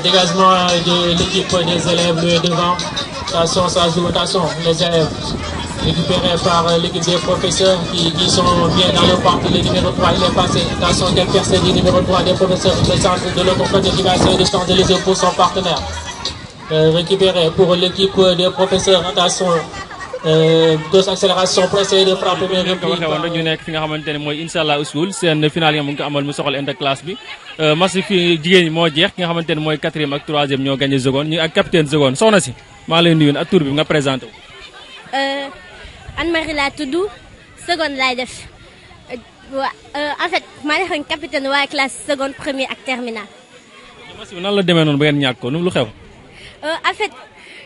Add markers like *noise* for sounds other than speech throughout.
dégagement de l'équipe des élèves devant. Attention, ça joue, attention, les élèves récupérés par l'équipe des professeurs qui, sont bien dans le parc. Le numéro 3, il est passé. Attention, quelle personne du numéro 3 des professeurs le de l'autre côté qui va de les pour son partenaire. Récupérés euh, récupéré pour l'équipe des professeurs. Attention, Euh, deux accélération pressé de woon rek ñu nekk fi nga xamante ne mooy incha allah usul seen final yi mu ngi ko euh, moo jeex ki nga xamante ne mooy quatrième ak troisième ñoo gagné Zogon ñu ak capitaine Zogon soxna si maa lay nuyu ak tur bi nga présenté wu. Euh, Anne-Marie laa tudd Zogon laay def en fait maa nekkoon capitaine waa classe seconde première ak terminale. match la demee noonu ba ngeen ñàkk ko nu lu xew. en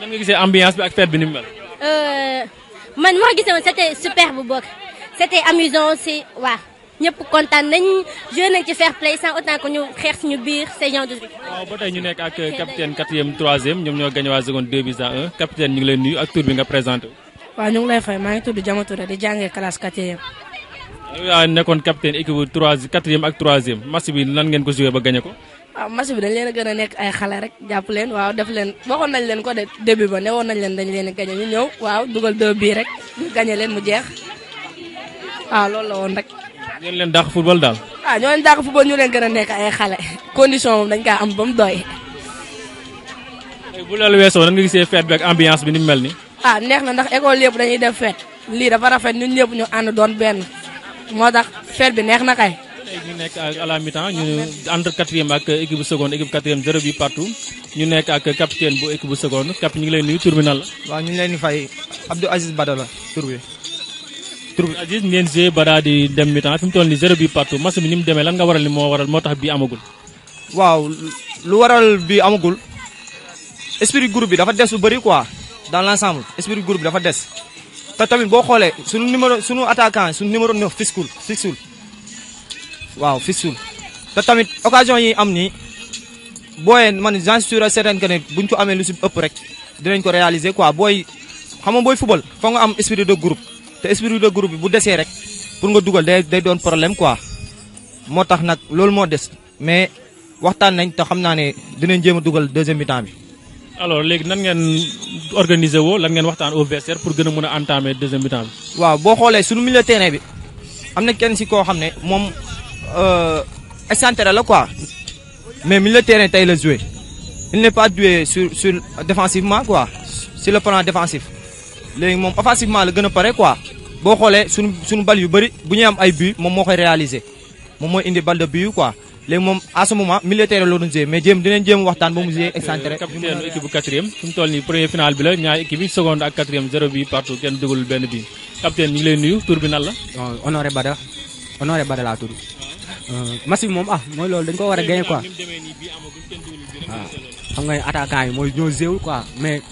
nan nga gisee ambiance bi ak fête bi ni mu mel. Euh, man moo gisoon c'était super bu bokk c'était amusant si waaw ñëpp kontaan nañ joué nañ ci fair play sans autant que ñu xeex suñu biir ce genre de truc. waaw ba tey ñoom ñoo gagné waa seconde deux buts à un capitaine ñu ngi leen nuyu ak tur bi nga présenté. waaw ñu ngi lay fay maa ngi tudd Jama di jàngee classe quatrième. yow yaa nekkoon capitaine équipe bu troisième quatrième ak troisième match bi lan ngeen ko joué ba gagné ko. waaw match bi dañ leen gën a nekk ay xale rek jàpp leen waaw def leen waxoon nañ leen ko de début ba ne woon nañ leen dañ leen a gañe ñu ñëw waaw dugal deux bii rek ñu gañe leen mu jeex waaw loolu la woon rek. ngeen leen dàq football daal. waaw ah, ñoo leen dàq football ñu leen gën a nekk ay xale condition moom dañ kaa am ba mu doy. bu loolu weesoo nan nga gisee fête bi ak bi ni mu mel nii. ah neex na ndax école yëpp dañuy def fête lii dafa rafet ñun ñëpp ñu ànd doon benn moo tax fête bi neex na kay. léegi ñu nekk à la mi-temps ñu entre quatrième ak équipe bu seconde équipe quatrième zéro bi partout ñu nekk ak capitaine bu équipe bu seconde cap ñu ngi leen nuyu tur la. waaw ñu leen fay Abdou Aziz Bada la tur bi. tur fi mu toll nii zéro bi partout match ni mu demee lan nga waral ni moo waral moo tax bii amagul. waaw lu waral bi amagul esprit groupe bi dafa des lu bëri quoi dans l' ensemble esprit groupe bi dafa des te tamit boo xoolee su numéro sunu attaquant sunu numéro 9 Fiskoul Fiskoul. waaw fistule te tamit occasion yi am nii booyee man j'en suis sûr et certain que ne buñ ko amee lu si ëpp rek dinañ ko réaliser quoi booy xam nga booy football foog nga am esprit de groupe te esprit de groupe bu desee rek pour nga dugal day day doon problème quoi moo tax nag loolu moo des mais waxtaan nañ te xam naa ne dinañ jëm a dugal deuxième mi bi. alors léegi nan ngeen organiser woo lan ngeen waxtaan au vestiaire pour gën a mën a entamer deuxième mi bi. waaw boo xoolee bi am na xam ne moom excentré euh, la quoi mais milieu de tey la joué il n'est pas doué sur sur défensivement quoi sur le plan défensif léegi moom offensivement la gën a pare quoi boo xoolee suñu suñu bal yu bëri bu ñuy am ay but moom moo koy réaliser moom mooy indi bal de but quoi léegi moom à ce moment milieu terrain la doon mais jéem dinañ jéem waxtaan ba mu joué excentré. Euh, capitaine équipe bu quatrième toll nii premier final bi la ñaari équipe yi seconde ak quatrième zéro bi partout kenn la. Euh, match bi moom ah mooy loolu dañ ko war a gagné quoi waaw ah, xam nga attaquant yi mooy ñoo zéewul quoi mais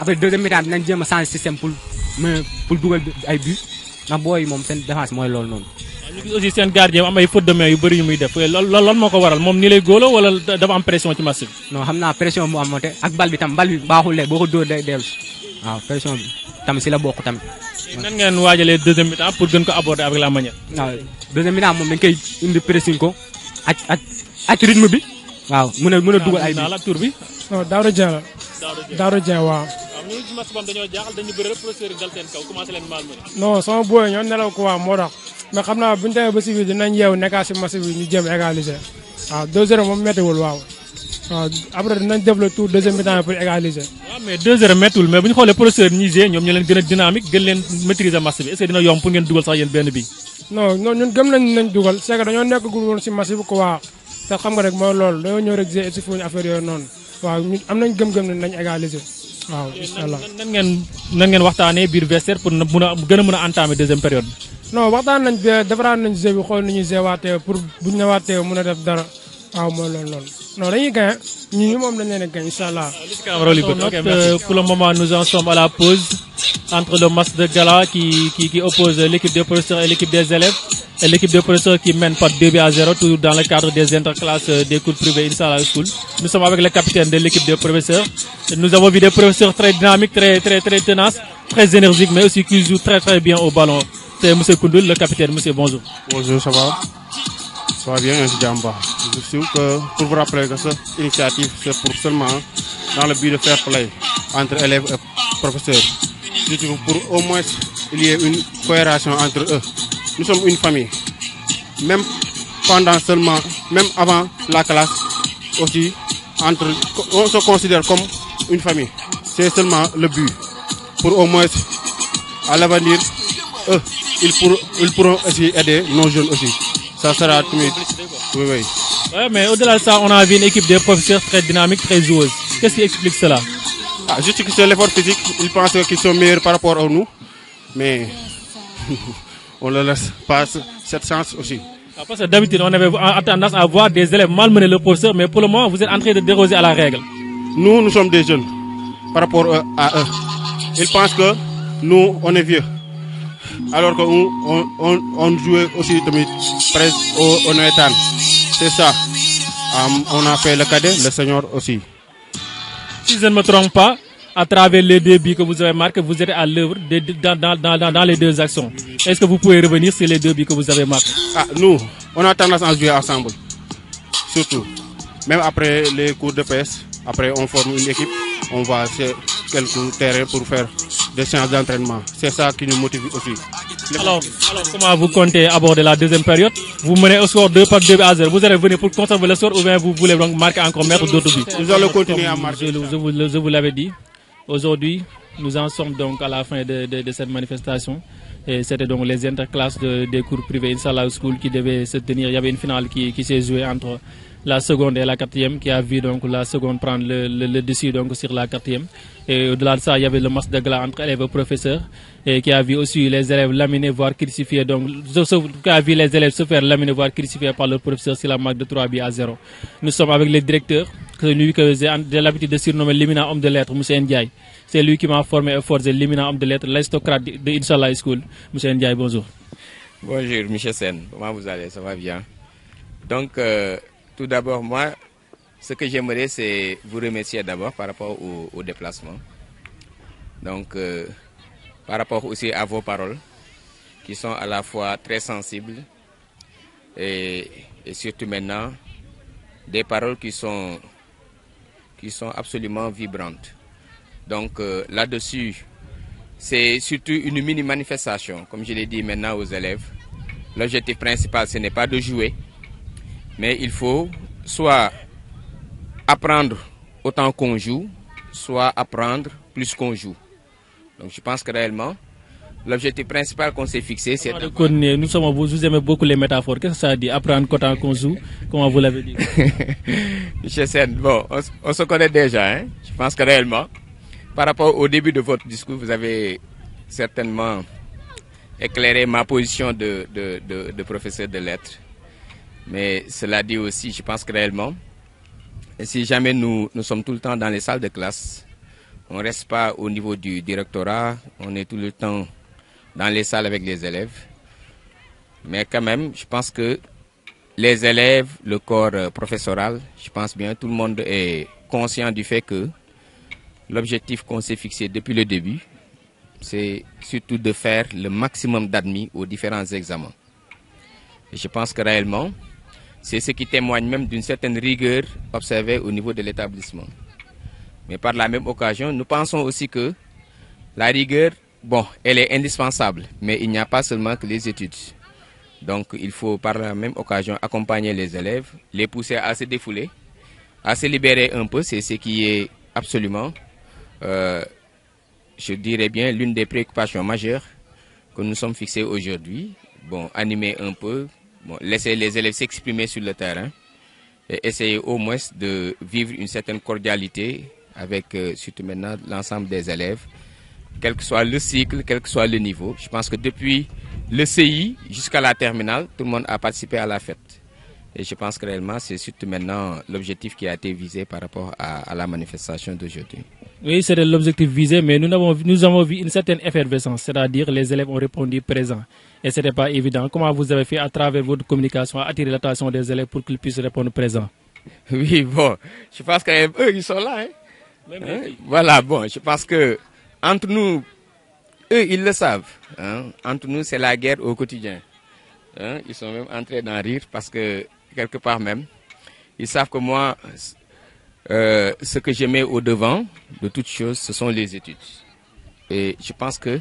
après deuxième mi-temps bi nañ jéem a système pour mais pour dugal ay but ndax booy moom seen défense mooy loolu noonu. Ah, ñu gis aussi seen gardien am ay fautes yu bëri yu muy def lool lool moo ko waral moom nii lay góoloo wala dafa am pression ci match bi. non xam naa pression bu amoon te ak bal bi tam bal bi baaxul de boo ko dóor day dellu waaw pression bi. tam si la bokk tamit. nan ngeen waajalee deuxième mi-temps pour gën ko aborder avec la manière. waaw deuxième mi-temps moom dañ koy indi pressing ko ak ak ak rythme bi. waaw mën a mën a dugal ay. waaw tur bi. non Daouda Dieng la. Daouda Dieng waaw. ñu ngi ci match boobu dañoo jaaxal dañu bëri professeur yi dal seen kaw commencé leen sama booy ñoo nelaw ko waaw moo tax mais xam naa bu ñu demee ba si biir dinañ yeewu nekkaat si match ñu jëm égaliser waaw 2-0 moom méttiwul waaw. waaw après dinañ def le tour deuxième mi-temps pour égaliser. waaw mais bu ñu xoolee procédure bi ñuy gérer ñoom ñu leen gën a dynamique gën leen maîtriser match bi est que dina yomb ngeen dugal sax yéen benn bi. non non am nañ gëm-gëm ne nañ égaliser waaw incha allah nan ngeen waxtaanee biir vestiaire pour mun gën a mën a entamer deuxième période bi. waxtaan nañ bi defaraat nañ jeu bi xool nu ñuy géewaatee pour bu ñu ñëwaatee mën a def dara Pour le moment, nous en sommes à la pause entre le match de gala qui, qui, oppose l'équipe des professeurs et l'équipe des élèves. Et l'équipe de professeurs qui mène par 2 à zéro, toujours dans le cadre des interclasses euh, des cours privés Inch'Allah School. Nous sommes avec le capitaine de l'équipe de professeurs. Nous avons vu des professeurs très dynamiques, très, très, très tenaces, très énergiques, mais aussi qui jouent très, très bien au ballon. C'est M. Koundoul, le capitaine. Monsieur, bonjour. Bonjour, ça va soit bien en hein, Je suis que pour vous rappeler que cette initiative, c'est pour seulement dans le but de faire play entre élèves et professeurs. pour au moins il y ait une coopération entre eux. Nous sommes une famille. Même pendant seulement, même avant la classe aussi, entre, on se considère comme une famille. C'est seulement le but. Pour au moins à l'avenir, eux, ils ils pourront aussi aider nos jeunes aussi ça sera tout. Oui, oui. mais au-delà de ça, on a vu une équipe de professeurs très dynamique, très joueuse. Qu'est-ce qui explique cela ah, Juste que c'est l'effort physique. Ils pensent qu'ils sont meilleurs par rapport à nous. Mais *laughs* on leur laisse passer cette chance aussi. Ah, parce que d'habitude, on avait tendance à voir des élèves malmener le professeur, mais pour le moment, vous êtes en train de déroser à la règle. Nous, nous sommes des jeunes par rapport à eux. Ils pensent que nous, on est vieux alors qu'on on, on, jouait aussi au, au C'est ça. on a fait le cadet, le seigneur aussi. Si je ne me trompe pas, à travers les deux buts que vous avez marqués, vous êtes à l'œuvre dans, dans, dans, dans, les deux actions. Est-ce que vous pouvez revenir sur les deux buts que vous avez marqués ah, Nous, on a tendance à jouer ensemble, surtout. Même après les cours de presse. après on forme une équipe, on va quelques terrains pour faire des séances d'entraînement. C'est ça qui nous motive aussi. Alors, comment vous comptez aborder la deuxième période Vous menez au score 2 par 2 à 0. Vous allez venir pour conserver le score ou bien vous voulez marquer encore mettre d'autres buts Nous allons continuer à marquer. Je, vous, l'avais dit. Aujourd'hui, nous en sommes donc à la fin de, cette manifestation. C'était donc les interclasses des cours privés Inshallah School qui devait se tenir. Il y avait une finale qui s'est jouée entre la seconde et la quatrième qui a vu donc la seconde prendre le, le, le dessus donc sur la quatrième. Et au-delà de ça, il y avait le masque de glace entre élèves et professeurs et qui a vu aussi les élèves laminés voire crucifiés donc qui a vu les élèves se faire laminer voire crucifiés par leur professeur sur la marque de 3 à 0. Nous sommes avec le directeur, celui que j'ai l'habitude de surnommer l'éminent homme de lettres, M. Ndiaye. C'est lui qui m'a formé et forgé l'éminent homme de lettres, l'aristocrate de Inshallah School. M. Ndiaye, bonjour. Bonjour, M. Sen. Comment vous allez Ça va bien Donc, euh, tout d'abord, moi, ce que j'aimerais, c'est vous remercier d'abord par rapport au, déplacement. Donc, euh, par rapport aussi à vos paroles, qui sont à la fois très sensibles et, surtout maintenant des paroles qui sont, qui sont absolument vibrantes. Donc euh, là-dessus, c'est surtout une mini-manifestation, comme je l'ai dit maintenant aux élèves. L'objectif principal, ce n'est pas de jouer, mais il faut soit apprendre autant qu'on joue, soit apprendre plus qu'on joue. Donc je pense que réellement, l'objectif principal qu'on s'est fixé, c'est... Nous sommes, vous, vous aimez beaucoup les métaphores. Qu'est-ce que ça dit Apprendre autant qu'on joue, comment vous l'avez dit Monsieur *laughs* Sen, bon, on, se connaît déjà. Hein. Je pense que réellement, par rapport au début de votre discours, vous avez certainement éclairé ma position de professeur de lettres mais cela dit aussi, je pense que réellement, si jamais nous, sommes tout le temps dans les salles de classe, on ne reste pas au niveau du directorat, on est tout le temps dans les salles avec les élèves. Mais quand même, je pense que les élèves, le corps euh, professoral, je pense bien, tout le monde est conscient du fait que l'objectif qu'on s'est fixé depuis le début, c'est surtout de faire le maximum d'admis aux différents examens. Et je pense que réellement, c'est ce qui témoigne même d'une certaine rigueur observée au niveau de l'établissement. Mais par la même occasion, nous pensons aussi que la rigueur, bon, elle est indispensable, mais il n'y a pas seulement que les études. Donc il faut par la même occasion accompagner les élèves, les pousser à se défouler, à se libérer un peu, c'est ce qui est absolument, euh, je dirais bien, l'une des préoccupations majeures que nous sommes fixés aujourd'hui. Bon, animer un peu, Laissez laisser les élèves s'exprimer sur le terrain et essayer au moins de vivre une certaine cordialité avec euh, maintenant l'ensemble des élèves, quel que soit le cycle, quel que soit le niveau. Je pense que depuis le CI jusqu'à la terminale, tout le monde a participé à la fête. Et je pense que réellement, c'est surtout maintenant l'objectif qui a été visé par rapport à, la manifestation d'aujourd'hui. Oui, c'est l'objectif visé, mais nous avons, nous avons vu une certaine effervescence, c'est-à-dire les élèves ont répondu présent. Et ce n'était pas évident. Comment vous avez fait à travers votre communication attirer l'attention des élèves pour qu'ils puissent répondre présent *laughs* Oui, bon, je pense qu'eux, ils sont là. Hein. Hein? Voilà, bon, je pense que entre nous, eux, ils le savent. Hein. Entre nous, c'est la guerre au quotidien. Ils sont même entrés d'en rire parce que quelque part même. Ils savent que moi, euh, ce que je mets au devant de toutes choses ce sont les études. Et je pense que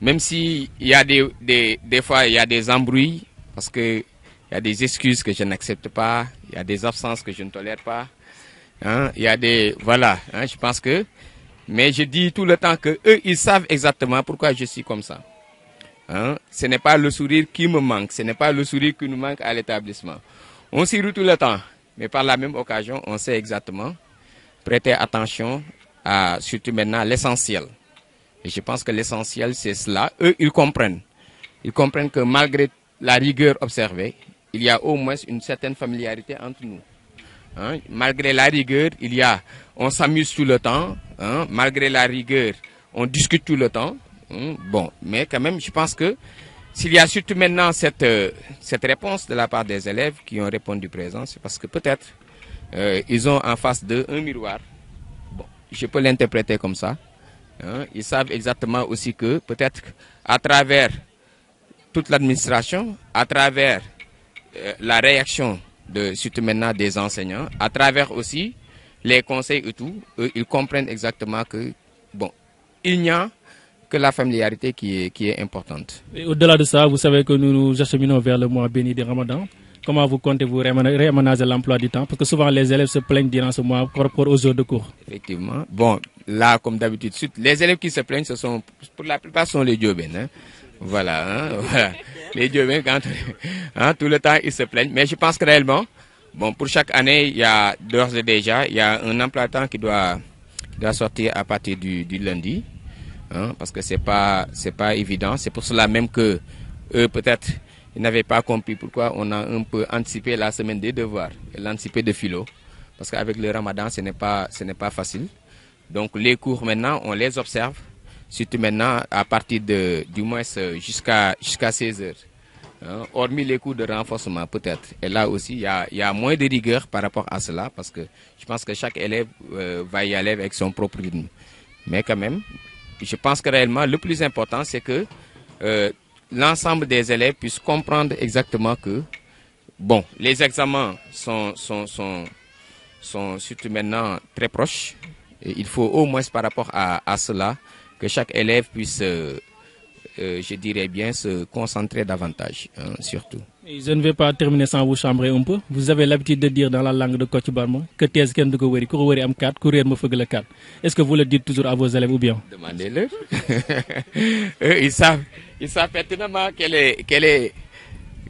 même s'il y a des, des, fois, il y a des embrouilles, parce qu'il y a des excuses que je n'accepte pas, il y a des absences que je ne tolère pas, hein, il y a des... Voilà, hein, je pense que... Mais je dis tout le temps que eux, ils savent exactement pourquoi je suis comme ça. Hein. Ce n'est pas le sourire qui me manque, ce n'est pas le sourire qui nous manque à l'établissement. On s'y roule tout le temps, mais par la même occasion, on sait exactement prêter attention à, surtout maintenant, l'essentiel. Et je pense que l'essentiel, c'est cela. Eux, ils comprennent. Ils comprennent que malgré la rigueur observée, il y a au moins une certaine familiarité entre nous. Hein? Malgré la rigueur, il y a, on s'amuse tout le temps. Hein? Malgré la rigueur, on discute tout le temps. Hein? Bon, mais quand même, je pense que s'il y a surtout maintenant cette, euh, cette réponse de la part des élèves qui ont répondu présent, c'est parce que peut-être euh, ils ont en face d'eux un miroir. Bon, je peux l'interpréter comme ça. Hein. Ils savent exactement aussi que peut-être à travers toute l'administration, à travers euh, la réaction de, surtout maintenant des enseignants, à travers aussi les conseils et tout, ils comprennent exactement que, bon, il n'y a que la familiarité qui est, qui est importante. Au-delà de ça, vous savez que nous nous acheminons vers le mois béni de Ramadan. Comment vous comptez-vous réaménager l'emploi du temps Parce que souvent les élèves se plaignent durant ce mois par rapport aux heures de cours. Effectivement. Bon, là, comme d'habitude, les élèves qui se plaignent, ce sont, pour la plupart, sont les Diobènes. Hein. Voilà, hein, *laughs* voilà, Les quand, *laughs* hein, tout le temps, ils se plaignent. Mais je pense que réellement, bon, pour chaque année, il y a d'ores et déjà, il y a un emploi de temps qui doit, doit sortir à partir du, du lundi. Hein, parce que c'est pas c'est pas évident. C'est pour cela même que eux peut-être ils n'avaient pas compris pourquoi on a un peu anticipé la semaine des devoirs et l'anticipé de philo, parce qu'avec le Ramadan ce n'est pas ce n'est pas facile. Donc les cours maintenant on les observe surtout maintenant à partir de du moins euh, jusqu'à jusqu'à 16 heures. Hein, hormis les cours de renforcement peut-être. Et là aussi, il y a, y a, moins de rigueur par rapport à cela parce que je pense que chaque élève euh, va y aller avec son propre rythme. Mais quand même, je pense que réellement, le plus important, c'est que euh, l'ensemble des élèves puissent comprendre exactement que, bon, les examens sont, sont, sont, sont surtout maintenant très proches. il faut au moins par rapport à, cela que chaque élève puisse euh, euh, je dirais bien, se concentrer davantage, hein, surtout. je ne vais pas terminer sans vous chambrer un peu. Vous avez l'habitude de dire dans la langue de Coach Barma que comme Ken Dugoweri, Kouroweri M4, Courrier Mofogle 4. Est-ce que vous le dites toujours à vos élèves ou bien Demandez-le. *laughs* ils, savent, ils savent pertinemment quelle est, quelle est,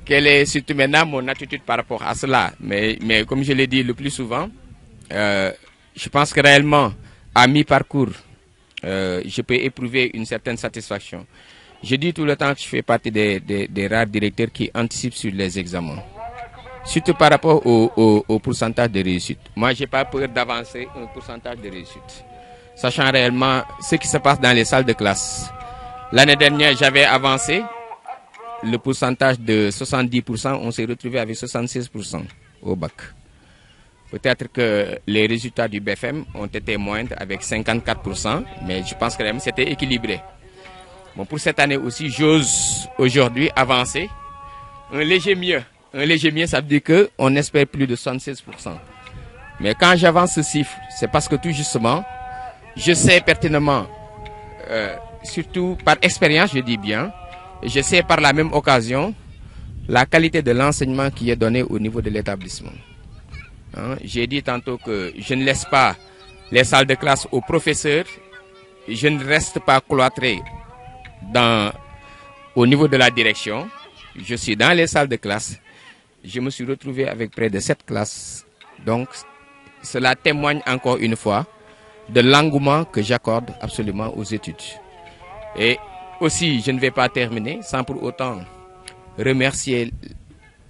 quelle est surtout maintenant mon attitude par rapport à cela. Mais, mais comme je l'ai dit le plus souvent, euh, je pense que réellement, à mi-parcours, euh, je peux éprouver une certaine satisfaction. Je dis tout le temps que je fais partie des, rares directeurs qui anticipent sur les examens. Surtout par rapport au, pourcentage de réussite. Moi, n'ai pas peur d'avancer un pourcentage de réussite. Sachant réellement ce qui se passe dans les salles de classe. L'année dernière, j'avais avancé le pourcentage de 70%. On s'est retrouvé avec 76% au bac. Peut-être que les résultats du BFM ont été moindres avec 54%, mais je pense que c'était équilibré. Bon, pour cette année aussi, j'ose aujourd'hui avancer. Un léger mieux. Un léger mieux, ça veut dire qu'on espère plus de 76%. Mais quand j'avance ce chiffre, c'est parce que tout justement, je sais pertinemment, euh, surtout par expérience, je dis bien, je sais par la même occasion la qualité de l'enseignement qui est donné au niveau de l'établissement. Hein, j'ai dit tantôt que je ne laisse pas les salles de classe aux professeurs, je ne reste pas cloîtré dans, au niveau de la direction, je suis dans les salles de classe, je me suis retrouvé avec près de 7 classes. Donc, cela témoigne encore une fois de l'engouement que j'accorde absolument aux études. Et aussi, je ne vais pas terminer sans pour autant remercier,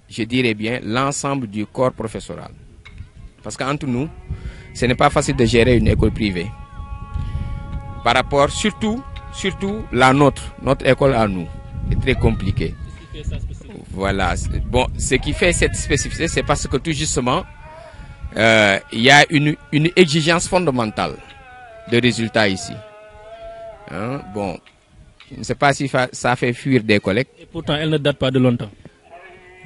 je dirais bien, l'ensemble du corps professoral. Parce qu'entre nous, ce n'est pas facile de gérer une école privée. Par rapport surtout surtout la nôtre, notre école à nous, est très compliquée. Voilà. Bon, ce qui fait cette spécificité, c'est parce que tout justement, euh, il y a une, exigence fondamentale de résultats ici. Hein? Bon, je ne sais pas si ça fait fuir des collègues. Et pourtant, elle ne date pas de longtemps.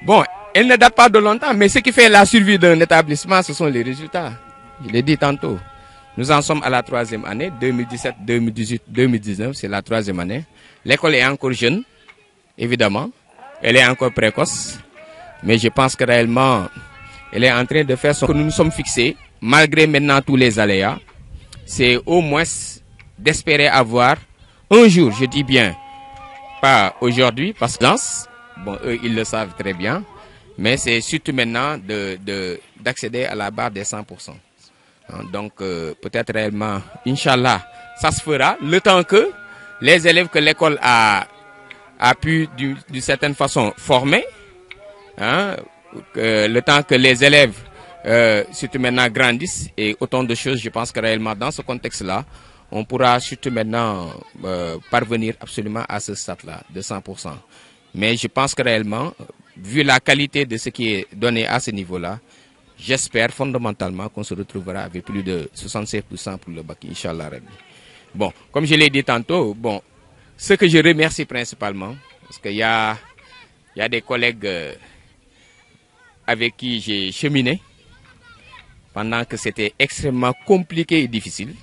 Bon, elle ne date pas de longtemps, mais ce qui fait la survie d'un établissement, ce sont les résultats. Je l'ai dit tantôt. Nous en sommes à la troisième année, 2017, 2018, 2019, c'est la troisième année. L'école est encore jeune, évidemment. Elle est encore précoce. Mais je pense que réellement, elle est en train de faire ce que nous nous sommes fixés, malgré maintenant tous les aléas. C'est au moins d'espérer avoir un jour, je dis bien, pas aujourd'hui, parce que bon, eux, ils le savent très bien, mais c'est surtout maintenant d'accéder de, à la barre des 100%. Hein, donc euh, peut-être réellement, Inch'Allah, ça se fera le temps que les élèves que l'école a, a pu d'une certaine façon former, hein, le temps que les élèves, euh, surtout maintenant, grandissent et autant de choses, je pense que réellement dans ce contexte-là, on pourra surtout maintenant euh, parvenir absolument à ce stade-là de 100%. Mais je pense que réellement, vu la qualité de ce qui est donné à ce niveau-là, j'espère fondamentalement qu'on se retrouvera avec plus de 65% pour le Baki, Inch'Allah. Bon, comme je l'ai dit tantôt, bon, ce que je remercie principalement, parce qu'il y a, y a des collègues euh, avec qui j'ai cheminé pendant que c'était extrêmement compliqué et difficile.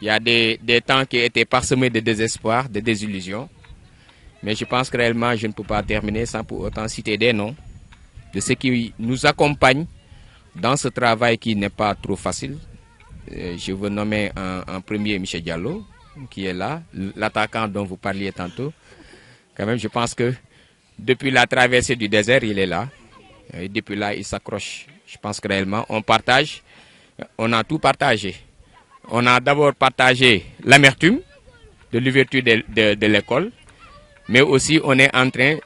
Il y a des, temps qui étaient parsemés de désespoir, de désillusion. Mais je pense que réellement, je ne peux pas terminer sans pour autant citer des noms de ceux qui nous accompagnent dans ce travail qui n'est pas trop facile, euh, je veux nommer en, premier Michel Diallo, qui est là, l'attaquant dont vous parliez tantôt. Quand même, je pense que depuis la traversée du désert, il est là. Et depuis là, il s'accroche. Je pense que réellement, on partage. On a tout partagé. On a d'abord partagé l'amertume de l'ouverture de l'école, mais aussi on est en train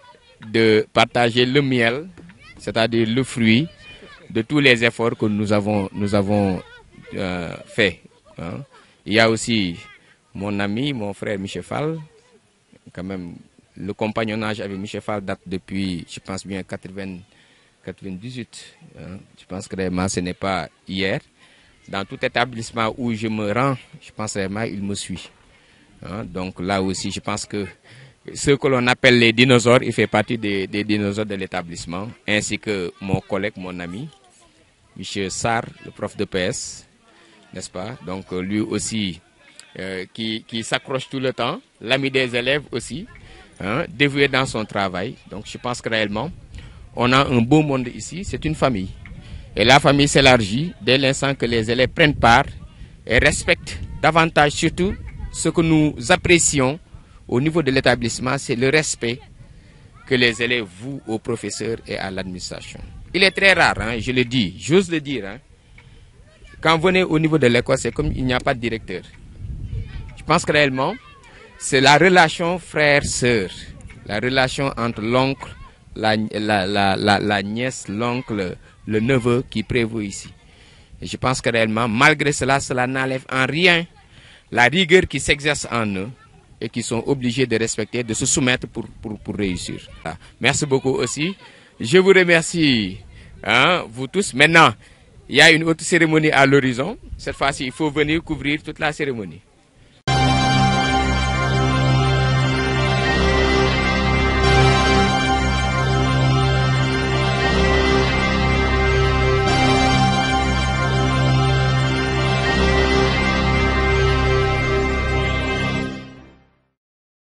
de partager le miel, c'est-à-dire le fruit de tous les efforts que nous avons, nous avons euh, faits. Hein. Il y a aussi mon ami, mon frère Michel Fall, quand même, le compagnonnage avec Michel Fall date depuis, je pense bien, 80, 98. Hein. Je pense que vraiment, ce n'est pas hier. Dans tout établissement où je me rends, je pense vraiment, il me suit. Hein. Donc là aussi, je pense que ce que l'on appelle les dinosaures, il fait partie des, dinosaures de l'établissement, ainsi que mon collègue, mon ami, M. Sarr, le prof de PS, n'est-ce pas Donc euh, lui aussi, euh, qui, s'accroche tout le temps, l'ami des élèves aussi, hein, dévoué dans son travail. Donc je pense que réellement, on a un beau monde ici, c'est une famille. Et la famille s'élargit dès l'instant que les élèves prennent part et respectent davantage surtout ce que nous apprécions au niveau de l'établissement, c'est le respect que les élèves vouent aux professeurs et à l'administration. Il est très rare, hein, je le dis, j'ose le dire. Hein. quand vous venez au niveau de l'école, c'est comme il n'y a pas de directeur. Je pense que réellement, c'est la relation frère-sœur, la relation entre l'oncle, la, nièce, l'oncle, le neveu qui prévaut ici. je pense que réellement, malgré cela, cela n'enlève en rien la rigueur qui s'exerce en eux qui sont obligés de respecter, de se soumettre pour, pour, pour réussir. Ah. Merci beaucoup aussi. Je vous remercie, hein, vous tous. Maintenant, il y a une autre cérémonie à l'horizon. Cette fois-ci, il faut venir couvrir toute la cérémonie.